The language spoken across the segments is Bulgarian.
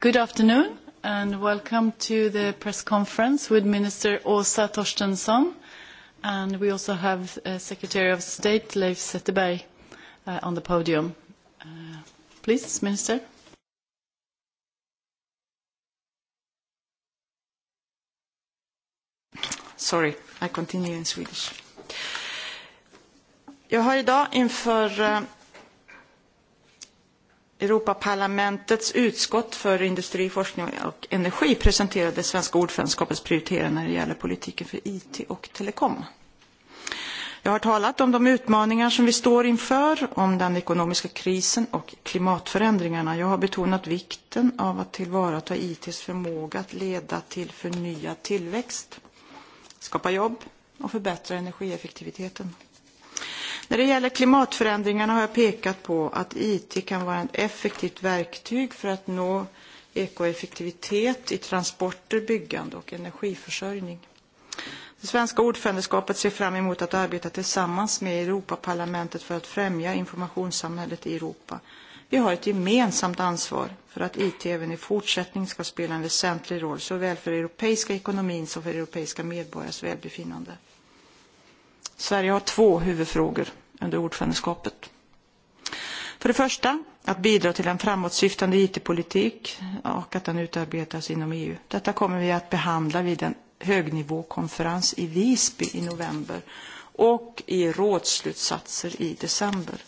Good afternoon, and welcome to the press conference with Minister Åsa Torstensson, and we also have Secretary of State Leif Zetterberg on the podium. Please, Minister. Sorry, I continue in Swedish. Jag har idag inför Europaparlamentets utskott för industri, forskning och energi presenterade svenska ordförandeskapets prioriteringar när det gäller politiken för IT och telekom. Jag har talat om de utmaningar som vi står inför, om den ekonomiska krisen och klimatförändringarna. Jag har betonat vikten av att tillvarata ITs förmåga att leda till förnyad tillväxt, skapa jobb och förbättra energieffektiviteten. När det gäller klimatförändringarna har jag pekat på att IT kan vara ett effektivt verktyg för att nå ekoeffektivitet i transporter, byggande och energiförsörjning. Det svenska ordförandeskapet ser fram emot att arbeta tillsammans med Europaparlamentet för att främja informationssamhället i Europa. Vi har ett gemensamt ansvar för att IT även i fortsättning ska spela en väsentlig roll såväl för den europeiska ekonomin som för europeiska medborgares välbefinnande. Sverige har två huvudfrågor under ordförandeskapet. För det första att bidra till en framåtsyftande IT-politik och att den utarbetas inom EU. Detta kommer vi att behandla vid en högnivåkonferens i Visby i november och i rådsslutsatser i december.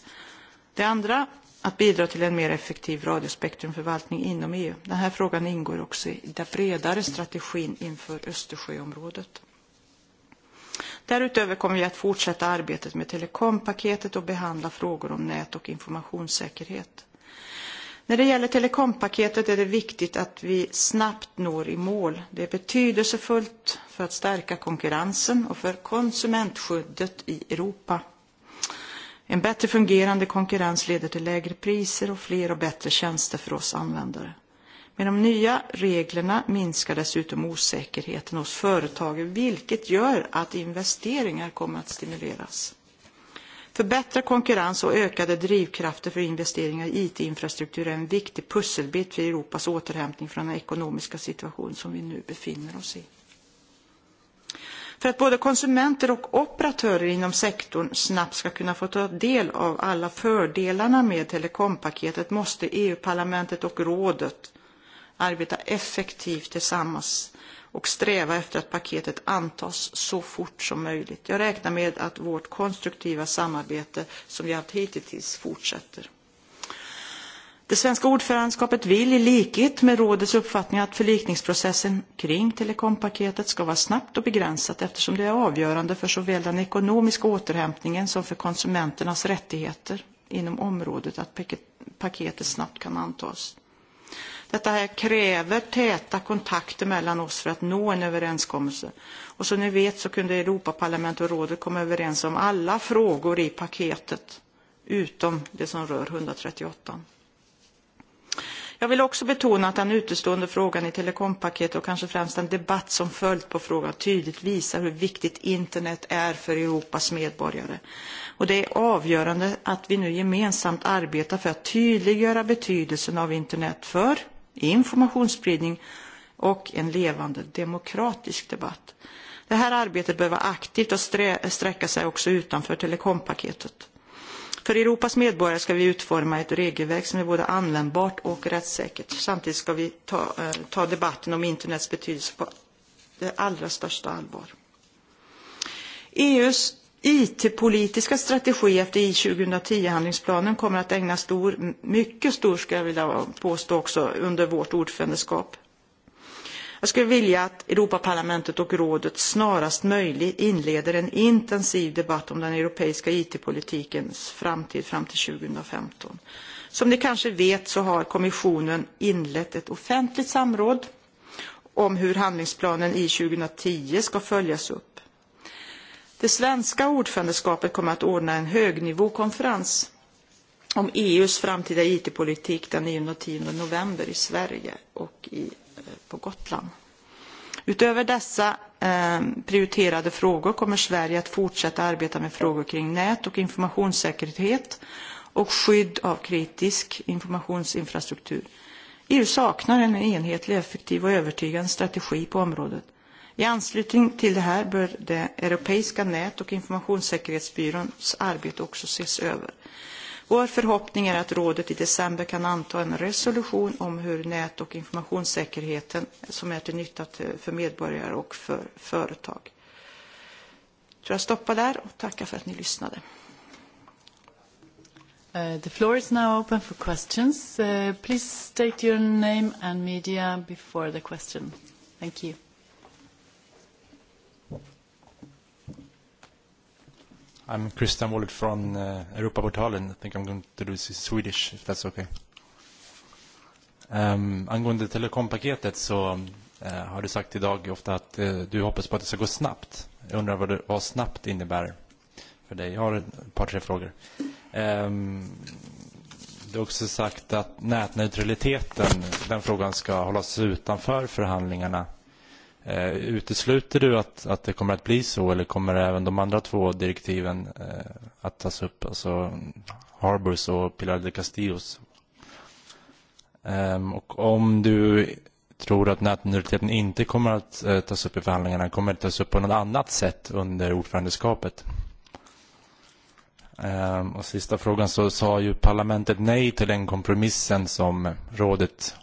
Det andra, att bidra till en mer effektiv radiospektrumförvaltning inom EU. Den här frågan ingår också i den bredare strategin inför Östersjöområdet. Därutöver kommer vi att fortsätta arbetet med telekompaketet och behandla frågor om nät och informationssäkerhet. När det gäller telekompaketet är det viktigt att vi snabbt når i mål. Det är betydelsefullt för att stärka konkurrensen och för konsumentskyddet i Europa. En bättre fungerande konkurrens leder till lägre priser och fler och bättre tjänster för oss användare. Med de nya reglerna minskar dessutom osäkerheten hos företagen, vilket gör att investeringar kommer att stimuleras. Förbättrad konkurrens och ökade drivkrafter för investeringar i IT-infrastruktur är en viktig pusselbit för Europas återhämtning från den ekonomiska situation som vi nu befinner oss i. För att både konsumenter och operatörer inom sektorn snabbt ska kunna få ta del av alla fördelarna med telekompaketet måste EU-parlamentet och rådet arbeta effektivt tillsammans och sträva efter att paketet antas så fort som möjligt. Jag räknar med att vårt konstruktiva samarbete som vi haft hittills fortsätter. Det svenska ordförandeskapet vill i likhet med rådets uppfattning att förlikningsprocessen kring telekompaketet ska vara snabbt och begränsat eftersom det är avgörande för såväl den ekonomiska återhämtningen som för konsumenternas rättigheter inom området att paketet snabbt kan antas. Detta här kräver täta kontakter mellan oss för att nå en överenskommelse. Och som ni vet så kunde Europaparlamentet och rådet komma överens om alla frågor i paketet, utom det som rör 138. Jag vill också betona att den utestående frågan i telekompaketet och kanske främst den debatt som följt på frågan tydligt visar hur viktigt internet är för Europas medborgare. Och det är avgörande att vi nu gemensamt arbetar för att tydliggöra betydelsen av internet för informationsspridning och en levande demokratisk debatt. Det här arbetet behöver vara aktivt och sträcka sig också utanför telekompaketet. För Europas medborgare ska vi utforma ett regelverk som är både användbart och rättssäkert. Samtidigt ska vi ta, ta debatten om internets betydelse på det allra största allvar. EUs IT-politiska strategi efter I-2010-handlingsplanen kommer att ägnas stor, mycket stor, ska jag vilja påstå också, under vårt ordförandeskap. Jag skulle vilja att Europaparlamentet och rådet snarast möjligt inleder en intensiv debatt om den europeiska IT-politikens framtid fram till 2015. Som ni kanske vet så har kommissionen inlett ett offentligt samråd om hur handlingsplanen i 2010 ska följas upp. Det svenska ordförandeskapet kommer att ordna en högnivåkonferens om EUs framtida IT-politik den 9 och 10 november i Sverige och på Gotland. Utöver dessa prioriterade frågor kommer Sverige att fortsätta arbeta med frågor kring nät och informationssäkerhet och skydd av kritisk informationsinfrastruktur. EU saknar en enhetlig, effektiv och övertygande strategi på området. I anslutning till det här bör det europeiska nät och informationssäkerhetsbyråns arbete också ses över. Vår förhoppning är att rådet i december kan anta en resolution om hur nät och informationssäkerheten som är till nytta för medborgare och för företag. Jag jag stoppar där och tackar för att ni lyssnade. the floor is now open for questions. please state your name and media before the question. Thank you. I'm Christian Wallet from Europaportalen. I think I'm going to do this in Swedish, if that's okay. Um, angående telekompaketet så uh, har du sagt idag ofta att uh, du hoppas på att det ska gå snabbt. Jag undrar vad, det, vad snabbt innebär för dig. Jag har ett par, tre frågor. Um, du har också sagt att nätneutraliteten, den frågan ska hållas utanför förhandlingarna. Utesluter du att, att det kommer att bli så eller kommer även de andra två direktiven eh, att tas upp, alltså Harbors och Pilar de Castillos? Eh, och om du tror att nätneutraliteten inte kommer att eh, tas upp i förhandlingarna, kommer det tas upp på något annat sätt under ordförandeskapet? Eh, och sista frågan så sa ju parlamentet nej till den kompromissen som rådet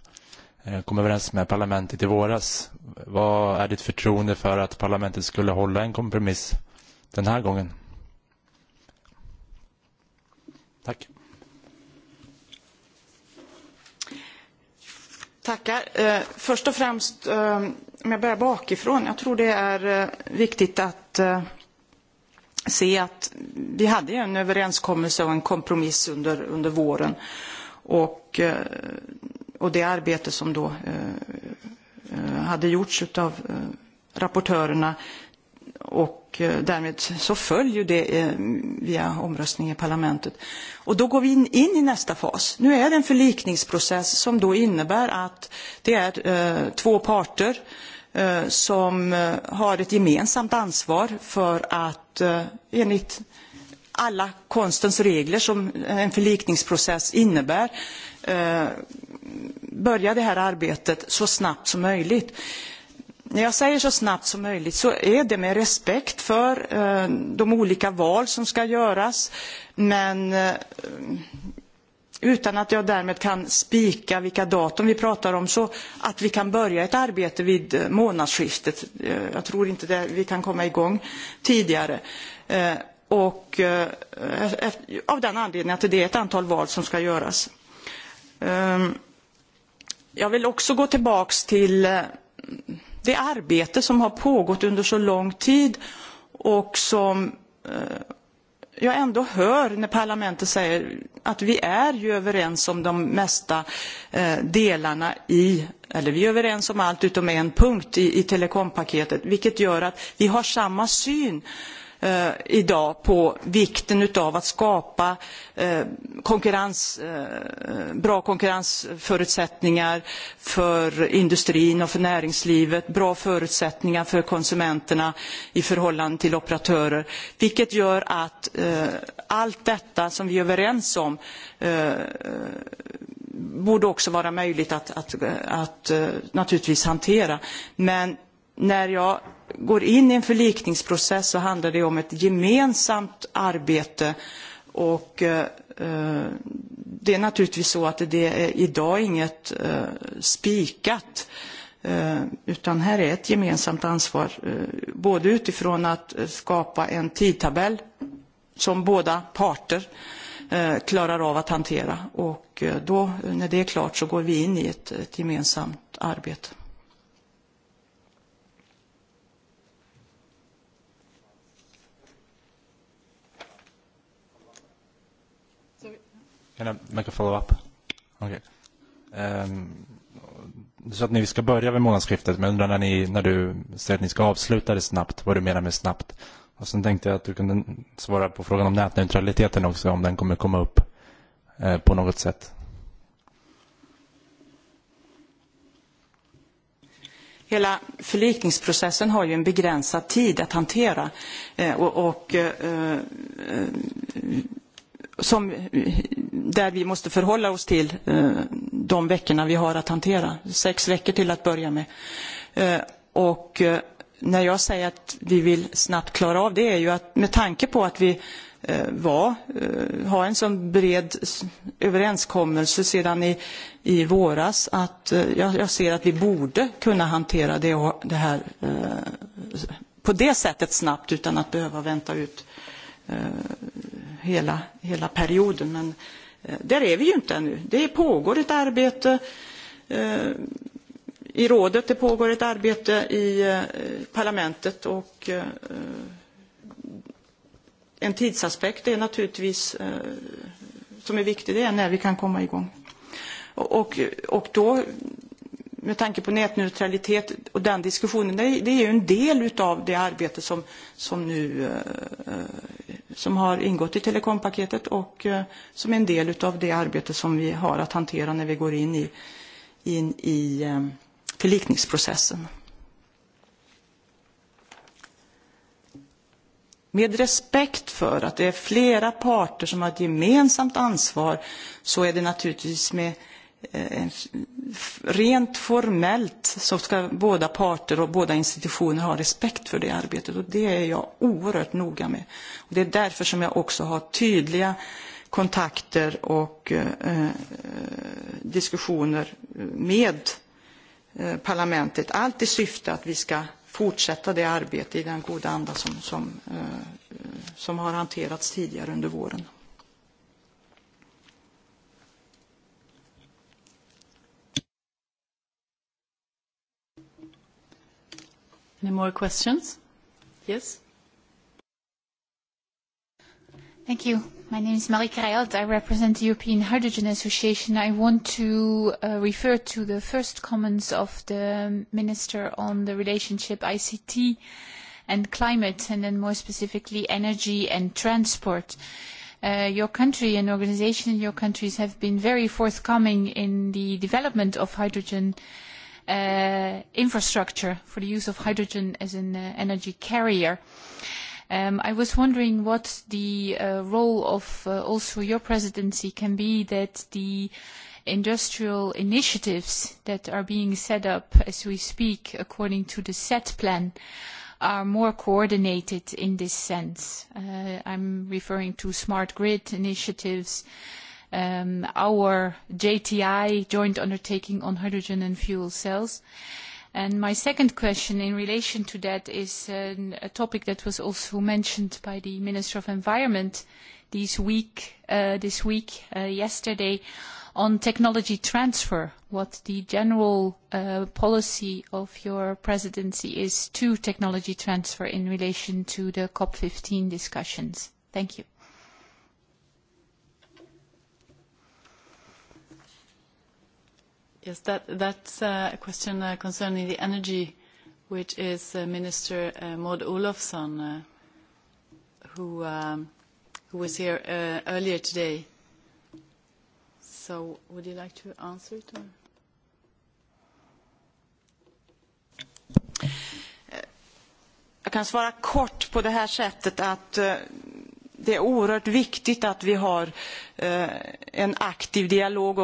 eh, kom överens med parlamentet i våras Vad är ditt förtroende för att parlamentet skulle hålla en kompromiss den här gången? Tack. Tackar. Först och främst, om jag börjar bakifrån, jag tror det är viktigt att se att vi hade en överenskommelse och en kompromiss under, under våren och, och det arbete som då hade gjorts av rapportörerna och därmed så följer det via omröstning i parlamentet. Och då går vi in, in i nästa fas. Nu är det en förlikningsprocess som då innebär att det är två parter som har ett gemensamt ansvar för att enligt alla konstens regler som en förlikningsprocess innebär börja det här arbetet så snabbt som möjligt. När jag säger så snabbt som möjligt så är det med respekt för de olika val som ska göras. Men utan att jag därmed kan spika vilka datum vi pratar om så att vi kan börja ett arbete vid månadsskiftet. Jag tror inte det, vi kan komma igång tidigare. Och av den anledningen att det är ett antal val som ska göras. Jag vill också gå tillbaka till det arbete som har pågått under så lång tid och som jag ändå hör när parlamentet säger att vi är överens om de mesta delarna i eller vi är överens om allt utom en punkt i telekompaketet, vilket gör att vi har samma syn idag på vikten av att skapa bra konkurrensförutsättningar för industrin och för näringslivet, bra förutsättningar för konsumenterna i förhållande till operatörer, vilket gör att allt detta som vi är överens om borde också vara möjligt att naturligtvis hantera. Men när jag går in i en förlikningsprocess så handlar det om ett gemensamt arbete. Och det är naturligtvis så att det är idag inget spikat. Utan här är ett gemensamt ansvar, både utifrån att skapa en tidtabell som båda parter klarar av att hantera. Och då, när det är klart så går vi in i ett gemensamt arbete. Kan jag make a follow-up? Okay. Um, så att ni ska börja vid månadsskiftet, men undrar när, ni, när du säger att ni ska avsluta det snabbt, vad du menar med snabbt? Och sen tänkte jag att du kunde svara på frågan om nätneutraliteten också, om den kommer komma upp eh, på något sätt. Hela förlikningsprocessen har ju en begränsad tid att hantera. Eh, och, och eh, som där vi måste förhålla oss till de veckorna vi har att hantera. Sex veckor till att börja med. Och när jag säger att vi vill snabbt klara av det är ju att med tanke på att vi var, har en så bred överenskommelse sedan i, i våras att jag, jag ser att vi borde kunna hantera det, det här på det sättet snabbt utan att behöva vänta ut hela, hela perioden. Men Där är vi ju inte ännu. Det pågår ett arbete i rådet, det pågår ett arbete i parlamentet och en tidsaspekt är naturligtvis som är viktig, det är när vi kan komma igång. Och, och då med tanke på nätneutralitet och den diskussionen, det, är ju en del av det arbete som, som nu som har ingått i telekompaketet och som är en del av det arbete som vi har att hantera när vi går in i, in i förlikningsprocessen. Med respekt för att det är flera parter som har ett gemensamt ansvar så är det naturligtvis med rent formellt så ska båda parter och båda institutioner ha respekt för det arbetet och det är jag oerhört noga med. Och det är därför som jag också har tydliga kontakter och eh, diskussioner med parlamentet. Allt i syfte att vi ska fortsätta det arbete i den goda anda som, som, eh, som har hanterats tidigare under våren. Any more questions? Yes. Thank you. My name is Marie Carriot. I represent the European Hydrogen Association. I want to refer to the first comments of the Minister on the relationship ICT and climate, and then more specifically energy and transport. your country and organization in your countries have been very forthcoming in the development of hydrogen uh, infrastructure for the use of hydrogen as an energy carrier. I was wondering what the role of also your presidency can be that the industrial initiatives that are being set up as we speak according to the set plan are more coordinated in this sense. I'm referring to smart grid initiatives, uh, our JTI, joint undertaking on hydrogen and fuel cells. And My second question in relation to that is a topic that was also mentioned by the Minister of Environment this week, yesterday, on technology transfer, what the general policy of your presidency is to technology transfer in relation to the COP15 discussions. Thank you. Yes, that, that's a question uh, concerning the energy, which is Minister Maud Olofsson, who, um, who was here uh, earlier today. So would you like to answer it? Or? Jag kan svara kort på det här sättet att det är oerhört viktigt att vi har en aktiv dialog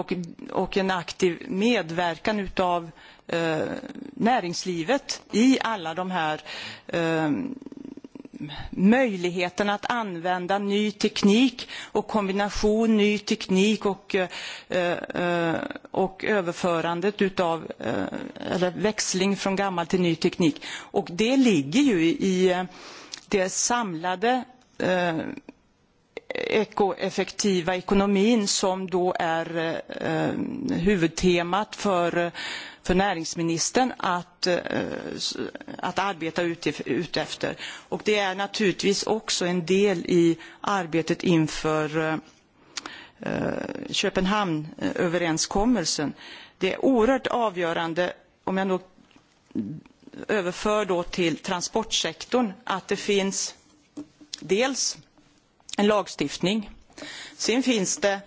och, en aktiv medverkan av näringslivet i alla de här möjligheterna att använda ny teknik och kombination ny teknik och, och överförandet utav eller växling från gammal till ny teknik. Och det ligger ju i det samlade ekoeffektiva ekonomin som då är huvudtemat för för näringsministern att, att arbeta utefter. Och det är naturligtvis också en del i arbetet inför Köpenhamnöverenskommelsen. Det är oerhört avgörande, om jag då överför då till transportsektorn, att det finns dels en lagstiftning. Sen finns det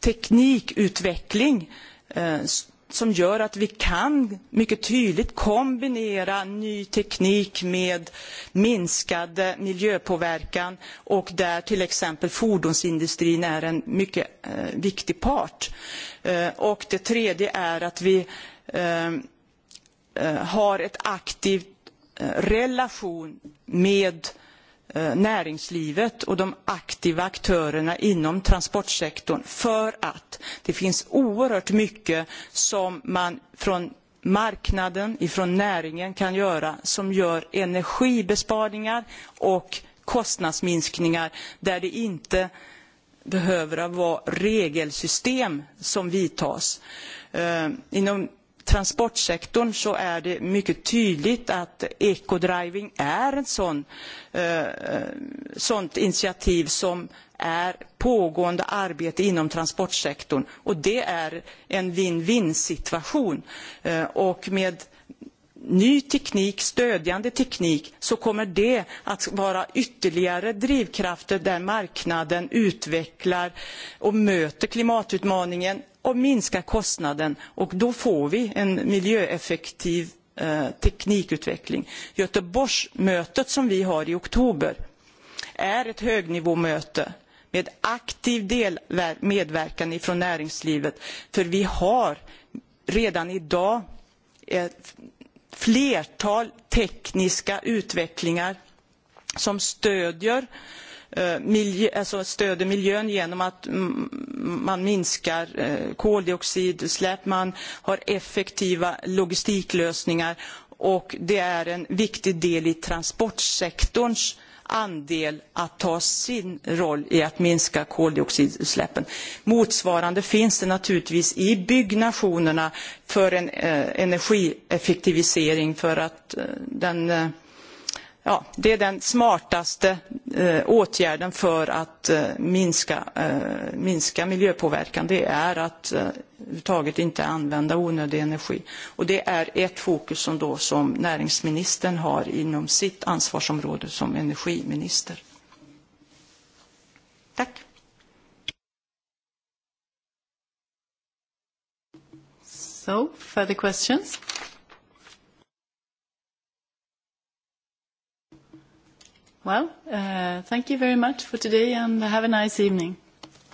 teknikutveckling som gör att vi kan mycket tydligt kombinera ny teknik med minskad miljöpåverkan och där till exempel fordonsindustrin är en mycket viktig part. Och det tredje är att vi har ett aktivt relation med näringslivet och de aktiva aktörerna inom transportsektorn för att det finns oerhört mycket som man från marknaden, från näringen kan göra som gör energibesparingar och kostnadsminskningar där det inte behöver vara regelsystem som vidtas. Inom transportsektorn är det mycket tydligt att ecodriving är ett sådant initiativ som är pågående arbete inom transportsektorn. Och det är en win-win situation. Och med ny teknik, stödjande teknik, så kommer det att vara ytterligare drivkrafter där marknaden utvecklar och möter klimatutmaningen och minska kostnaden och då får vi en miljöeffektiv teknikutveckling. Göteborgsmötet som vi har i oktober är ett högnivåmöte med aktiv medverkan från näringslivet för vi har redan idag ett flertal tekniska utvecklingar som stödjer stöder miljön genom att man minskar koldioxidutsläpp, man har effektiva logistiklösningar och det är en viktig del i transportsektorns andel att ta sin roll i att minska koldioxidutsläppen. Motsvarande finns det naturligtvis i byggnationerna för en energieffektivisering för att den det är den smartaste åtgärden för att minska, miljöpåverkan. Det är att överhuvudtaget inte använda onödig energi. det är ett fokus som, näringsministern har inom sitt ansvarsområde som energiminister. further questions? Well, uh, thank you very much for today and have a nice evening.